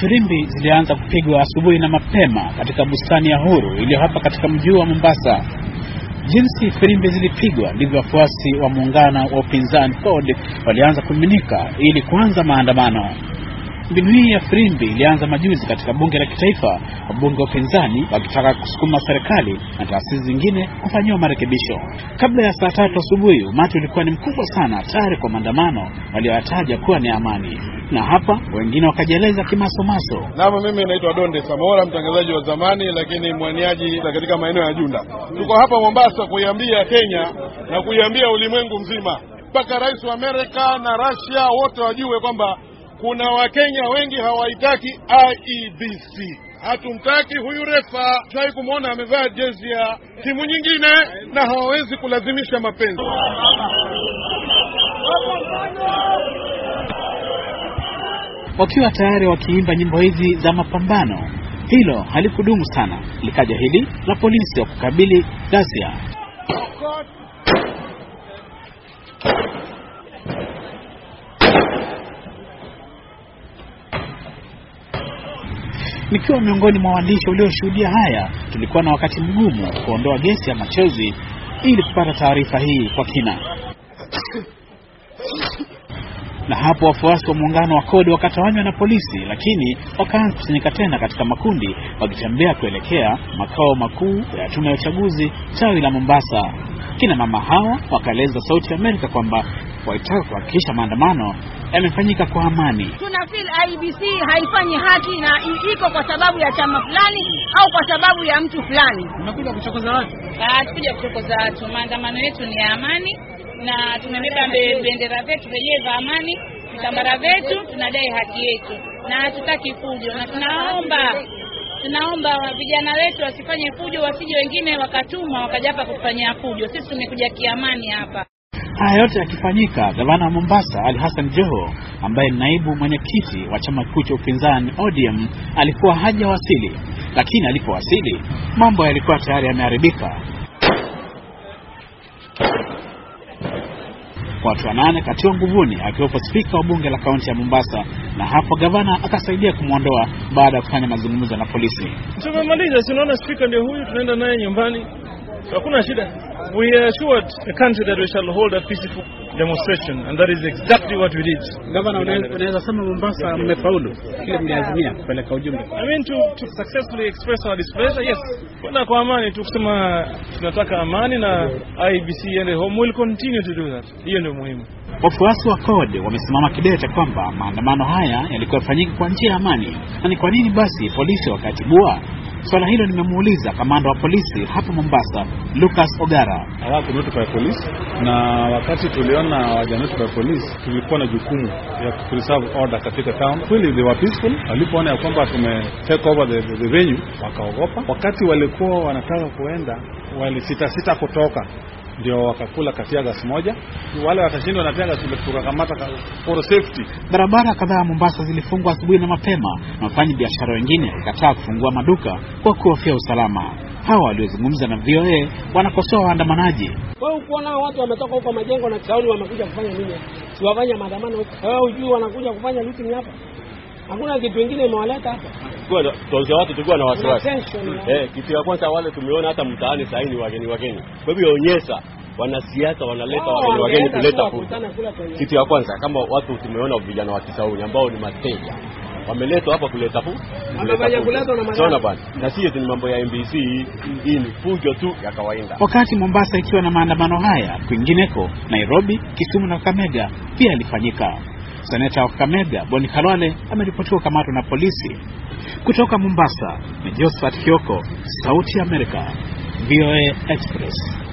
Firimbi zilianza kupigwa asubuhi na mapema katika bustani ya Huru iliyo hapa katika mji wa Mombasa. Jinsi firimbi zilipigwa ndivyo wafuasi wa muungano wa upinzani FORD walianza kuminika ili kuanza maandamano. Mbinu hii ya firimbi ilianza majuzi katika bunge la kitaifa, wabunge wa upinzani wakitaka kusukuma serikali na taasisi zingine kufanyiwa marekebisho. Kabla ya saa tatu asubuhi, umati ulikuwa ni mkubwa sana, tayari kwa maandamano walioyataja kuwa ni amani, na hapa wengine wakajieleza kimasomaso. Naam, mimi naitwa Donde Samora, mtangazaji wa zamani, lakini mwaniaji katika maeneo ya Junda. Tuko hapa Mombasa kuiambia Kenya na kuiambia ulimwengu mzima mpaka rais wa Amerika na Russia wote wajue kwamba kuna Wakenya wengi hawaitaki IEBC. Hatumtaki huyu refa, shai kumwona amevaa jezi ya timu nyingine, na hawawezi kulazimisha mapenzi. Wakiwa tayari wakiimba nyimbo hizi za mapambano, hilo halikudumu sana, likaja hili la polisi wa kukabili ghasia. Nikiwa miongoni mwa waandishi walioshuhudia haya, tulikuwa na wakati mgumu kuondoa gesi ya machozi ili kupata taarifa hii kwa kina. Na hapo wafuasi wa muungano wa kodi wakatawanywa na polisi, lakini wakaanza kusanyika tena katika makundi, wakitembea kuelekea makao makuu ya tume ya uchaguzi tawi la Mombasa. Kina mama hawa wakaeleza Sauti ya Amerika kwamba waitaka kuhakikisha maandamano yamefanyika kwa amani. Tuna feel IBC haifanyi haki na iko kwa sababu ya chama fulani au kwa sababu ya mtu fulani. Unakuja kuchokoza watu? Ah, tukuja kuchokoza watu. Maandamano yetu ni ya amani na tumebeba bendera zetu zenyewe za amani, vitambara vyetu, tunadai haki yetu na hatutaki fujo, na tunaomba tunaomba vijana wetu wasifanye fujo, wasije wengine wakatuma wakaja hapa fujo. Sisi tumekuja kiamani hapa. Haya yote yakifanyika, gavana wa Mombasa Ali Hassan Joho, ambaye ni naibu mwenyekiti wa chama kikuu cha upinzani ODM, alikuwa hajawasili, lakini alipowasili mambo yalikuwa tayari yameharibika. Watu wanane katiwa nguvuni, akiwepo spika wa bunge la kaunti ya Mombasa, na hapo gavana akasaidia kumwondoa baada ya kufanya mazungumzo na polisi. Tumemaliza, si unaona, spika ndio huyu, tunaenda naye nyumbani, hakuna shida. We assured the country that we shall hold a peaceful demonstration and that is exactly what we did. Governor, unaweza sema Mombasa mmefaulu kile mliazimia kupeleka ujumbe. I mean to, to successfully express our displeasure, yes. Kwenda kwa amani tu kusema tunataka amani na IBC iende home, we'll continue to do that. Hiyo ndio muhimu. Wafuasi wa CORD wamesimama kidete kwamba maandamano haya yalikuwa yafanyika kwa njia ya amani, na ni kwa nini basi polisi wakatibua Swala hilo nimemuuliza kamanda wa polisi hapo Mombasa, Lucas Ogara. Hawakunotify polisi, na wakati tuliona hawajanotify polisi, tulikuwa na jukumu ya kupreserve order katika town. Kweli they were peaceful. Walipoona ya kwamba tume take over the, the venue, wakaogopa. Wakati walikuwa wanataka kuenda, walisita sita kutoka ndio wakakula Katiagas moja. Wale wakashindwa na Katiagas, tukakamata for safety. Barabara kadhaa Mombasa zilifungwa asubuhi na mapema, na biashara wengine wakataa kufungua maduka kwa kuhofia usalama. Hawa waliozungumza na VOA wanakosoa waandamanaji. Wewe ukiona watu wametoka huko majengo na tauni wamekuja kufanya nini? Siwafanya maandamano huko. Wewe hujui wanakuja kufanya looting hapa. Hakuna kitu kingine imewaleta hapa. Tuwauzia watu tukiwa na wasiwasi eh. Kitu ya kwanza wale tumeona hata mtaani saini ni wageni wageni, kwa hivyo onyesha wanasiasa wanaleta wageni wageni kuleta kitu ya kwanza. Kama watu tumeona vijana wa Kisauni ambao ni mateja wameletwa hapa kuleta pu sona bana, na sio ni mambo ya MBC. Hii ni fujo tu ya kawaida. Wakati Mombasa ikiwa na maandamano haya, kwingineko Nairobi, Kisumu na Kakamega pia yalifanyika. Seneta wa Kakamega Boni Kalwale ameripotiwa kukamatwa na polisi. Kutoka Mombasa ni Josephat Kioko, Sauti ya Amerika, VOA Express.